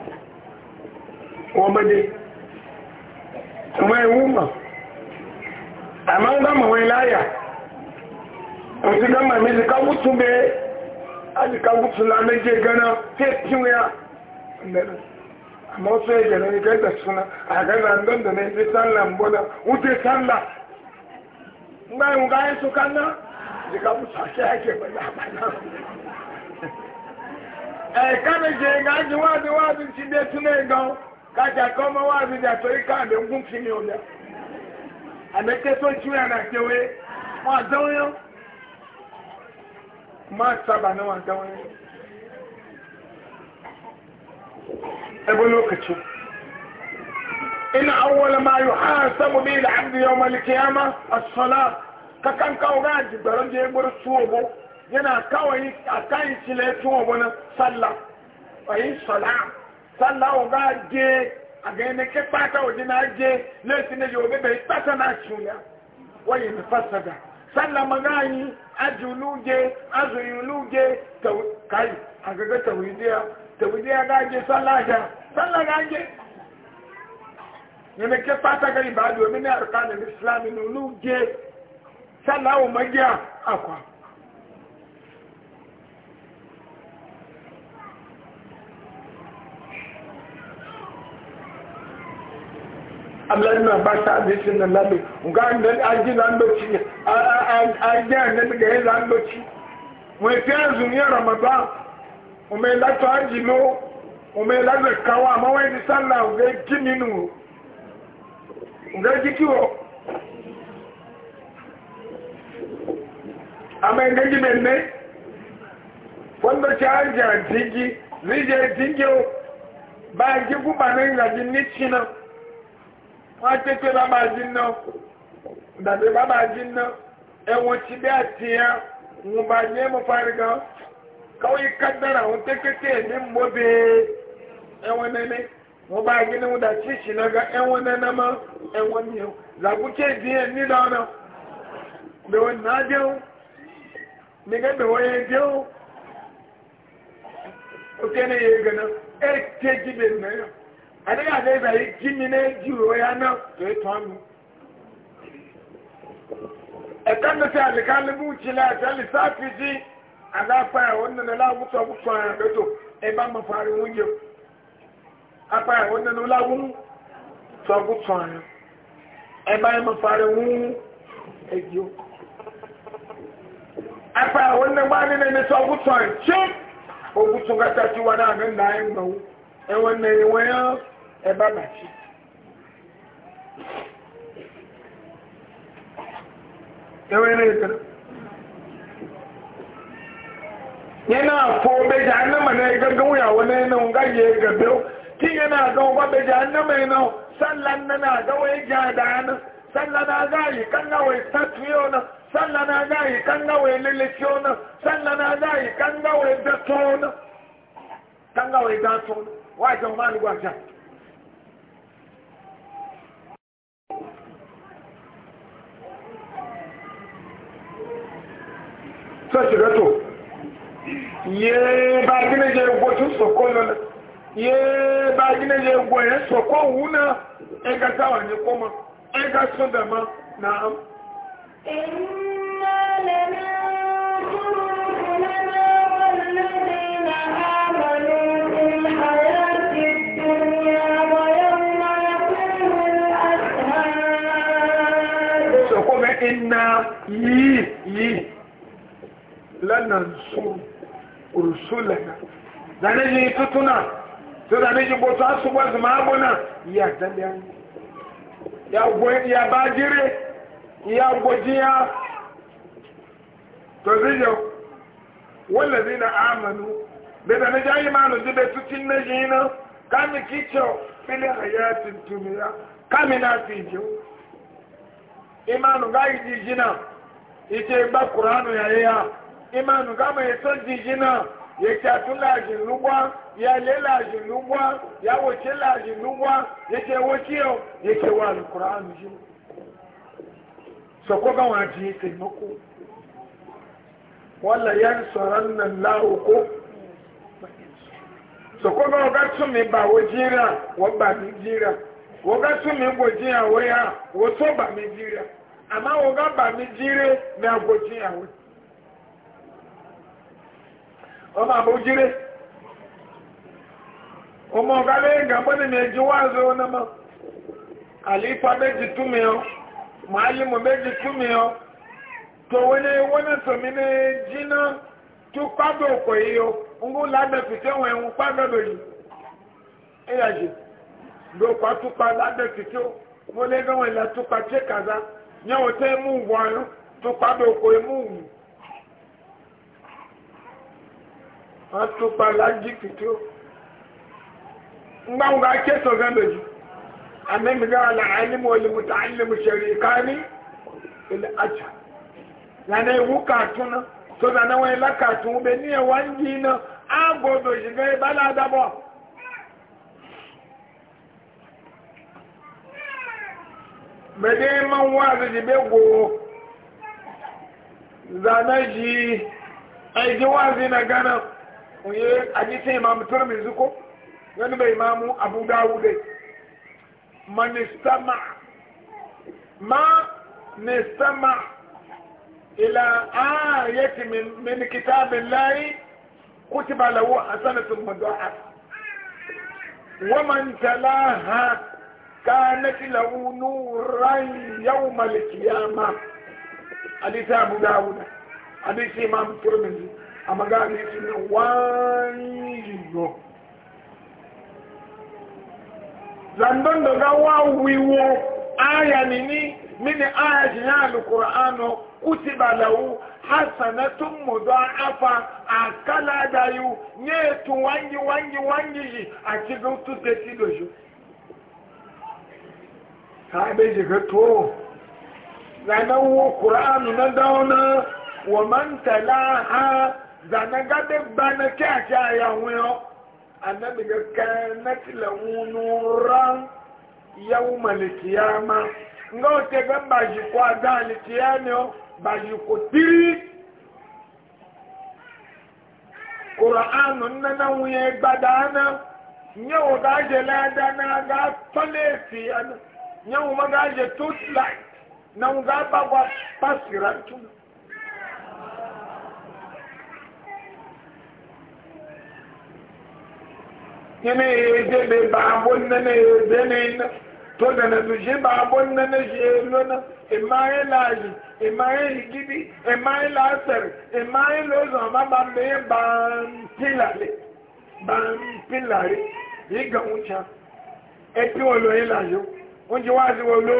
ọmọdé ọmọ ẹ̀wọ̀n àmọ́ gbọ́mọ̀ wọn láyà òtí gbọ́mọ̀ ti káwú tún bẹ́ láti káwú tún la méje gánà tí è tí wíyá mẹ́rin àmọ́ tó ẹ̀jẹ̀ lórí gẹ́gẹ́ súná àgẹ́gà ndọ́ndọ̀ ní méje ti tún gan kájà kọ́ mọ́ wá mi dà torí káàdé ń gún kìíní ọ̀dà àmẹ́kẹ́ tó jí àná kéwé wọ́n ma yẹn máa sábà náà wọ́n àdánwó yẹn ẹgbẹ́ lókàtí ina awwala ma yuhasabu bi al-'abdu yawm al-qiyamah as kawo ga jibaran je gbur suwo yana kawai akan shi le tuwo bona sallah ayi salat sallah oga je ageneke kpata odina je lesine yobe be kpata na chuya waye ni fasada sallah magani ajuluje azuyuluje kai agaga tawidiya tawidiya ga je sallah ja sallah ga je nene ke kpata ga ibadu mini arkanin islam nuluje sallah o magia akwa alanna ba ta abisin na labe ga an ji landoci an ji annabi ga yin landoci wai fi yanzu ne ramadan ume lato aji no ume lazo kawo amma wai ni sallah ga gini nu ga jikiwo amma ga gini ne wanda ci an ji an jigi zai je jigi ba ba ne ga jini cinan wọ́n tẹ́ pé bàbá jí ná dàbí bàbá jí ná ẹ̀wọ̀n tí bí àti ya wọn bá yẹ mọ́ fárí gan káwọn yìí ká dára àwọn tẹ́ kékeré ní mọ́ bẹ́ẹ̀ ẹ̀wọ̀n nẹ́nẹ́ wọ́n bá yẹ ní wọn dà tí ìṣìnà gan ẹ̀wọ̀n nẹ́nẹ́ mọ́ ẹ̀wọ̀n mi o làkúkẹ́ nílò ọ̀nà bẹ̀wọ̀n náà dẹ́ o nígbà bẹ̀wọ̀n yẹn dẹ́ o ó kẹ́ adịghị adị ebe anyị ji mi na-eji uwe ya na etu ọnụ ẹ̀kánlẹ́sí àlìkálẹ́bù ìjìnlẹ̀ àti àlìsáàfì jí àdáfà ẹ̀wọ̀n nínú láwùsọ̀ púpọ̀ ẹ̀rọ lójò ẹbá mọ̀ fàárí oúnjẹ apá ẹ̀wọ̀n nínú láwùsọ̀ púpọ̀ ẹ̀rọ ẹbá mọ̀ fàárí oún ẹ̀jọ́ apá ẹ̀wọ̀n nínú wá nínú ẹni sọ púpọ̀ ẹ̀jọ́ ogúntún kátà tí wọn náà ní nàá ẹ̀wọ̀n ẹ̀wọ̀n ẹ̀wọ̀n ẹ bá bàtí. ewere ekele yana ko beja annama ne gangan wuya wani nan gaje gabe ki yana ga ba beja annama ne sallan na ga wai ja da nan sallan na ga yi kan ga wai tatuyo na sallan na ga yi kan ga wai lilikiyo na sallan na ga yi kan ga wai dato na kan ga wai sọ́ọ̀ṣì rẹ́tò yéé bá gínéjẹ egbò tó sọ̀kọ́ lọ́nà yéé bá egbò yẹn sọ̀kọ́ òun náà ẹgbà táwà ní kó mọ́ ẹgbà sọ́dà mọ́ náà. lanansuru rusulana zane ji tutuna to zane ji boto asuba zuma abuna ya zabe ya gwe ya bajire ya gojiya to zijo wallazina amanu be da naja imanu ji be tutin na jina kami kicho fili hayatin dunya kami na fijo imanu ga yi jina ite ba qur'anu ya ya imanu kama yeso son jijina ya kyatu lajin lugwa ya le lajin lugwa ya wace lajin lugwa ya ke wace yau ya ke wa alkur'an ji sako ga waje ya taimako wala yan tsoron nan la'u ko sako ga waga tun mi ba wa jira wa ba mi jira waga tun mi gwajiya wa ya wato ba mi jira amma waga ba mi jire na gwajiya wa ọmọ àbójúre ọmọ ọ̀gá lẹ́yìn gàmbọ́n ni mẹ́jì wá zọ ọ́nà mọ́ àlífà méjì túnmí ọ màálìmù méjì túnmí ọ tòwé ní wọ́nà tòmí ní jiná tó pàdé òkò yìí o ngó ládẹ́ fìtẹ́ wọn ẹ̀hún pàdé lò yìí ẹ̀yà jì lóko àtúpa ládẹ́ fìtẹ́ wọlé gánwó ìlà túpa tí kàzá nyẹ́wò tẹ́ mú wọ́n tó pàdé òkò wù. wọ́n tó pa lájíkì tó ń gbáhùn bá ké alimu gẹ́gẹ́ jù àmẹ́mìgá aláàlímọ̀ olùmùtà alìmù ṣẹ̀rì ìkárí ilẹ̀ àjà lànà ìwú kàtún náà tó dáná wọn ilá kàtún bẹ ní ẹ̀wà ń yí náà á gbọdọ̀ ṣìgẹ́ ìbálá àdábọ̀ bẹ̀dẹ̀ máa ń wá àrẹ̀jì bẹ́ wò ó zànà yìí àìjíwáàzì nà gánà oye hadisi imam tirmidhi ko wani bai imamu abu dawud man istama ma nistama ila ayati min, min kitabillahi kutiba lahu hasanatun mudha'af wa man talaha kanat lahu nuran yawm al-qiyamah hadisi abu dawud hadisi imam tirmidhi amagana ifina wanyiyo zandondo ga wawiwo aya nini mini aya jinya alqur'ano kutiba lahu hasanatun mudha'afa akala dayu nyetu wangi wangi wangi akiga utute tidojo sabe je gato zanan wo na dauna wa mantala ha. zanaga de ba na kyakya a yawon yau annabi ga kanati lahunu ran yau ma nga ote ga ba shi le da alikiyami o ba shi ko tiri ƙura'anu nnana nwunye gbada ana yau ga aje lada na ga tolefi yau ma ga aje toothlight na ga ra pasirantu kini yeje le baabon nene yeje nene to nana to je baabon nene je na emaye laaji emaye igidi emaye laasere emaye lozan ma ba me baantilale baantilare yi ga ŋutsa eti oloyin e laajo ŋutsi wa ti wolo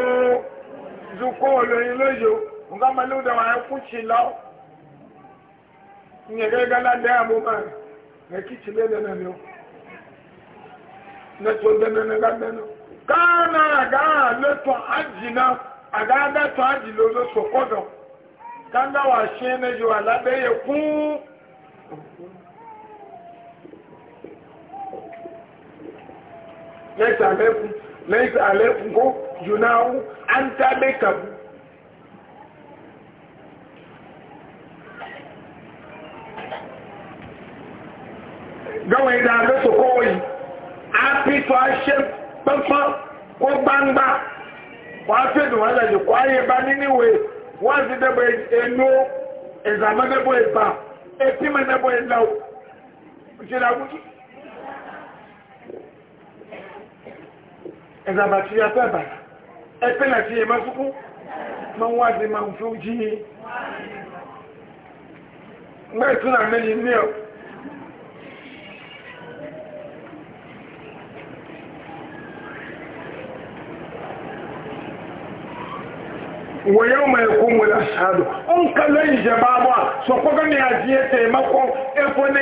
zuko oloyin lojo e nga ma lo da wa ekutsi la nyege gala de abo ma ekitsi le de na mi o. na to dana na gadana kana ga le to ajina aga ga to ajilo lo sokodo kanga wa she na jo ala be ye ku laisa alaikum laisa alaikum ko junahu an tabe kabu gawa idan ga sokoyi apitɔ ahyɛ kpɛkpɛ kó gbangba wà á fẹ́ dùn wọn lẹ́yìn kó ayé bá níní wè wọ́n ti dẹ́bọ̀ ẹnu ẹ̀zàmọ́ dẹ́bọ̀ ẹ̀bà ẹ̀tìmọ̀ dẹ́bọ̀ ẹ̀lẹ́wò òṣèlú agúkí. ẹ̀zàmà tí yà fẹ́ bà ẹ̀pẹ́ nà tí yẹ má fúkú má wá di má fún jí. mẹ́ẹ̀tún àmẹ́yìn ní ọ̀. wa yau mai kumula shahadu in kallon jama'a ba so koga ne a jiye taimakon efo ne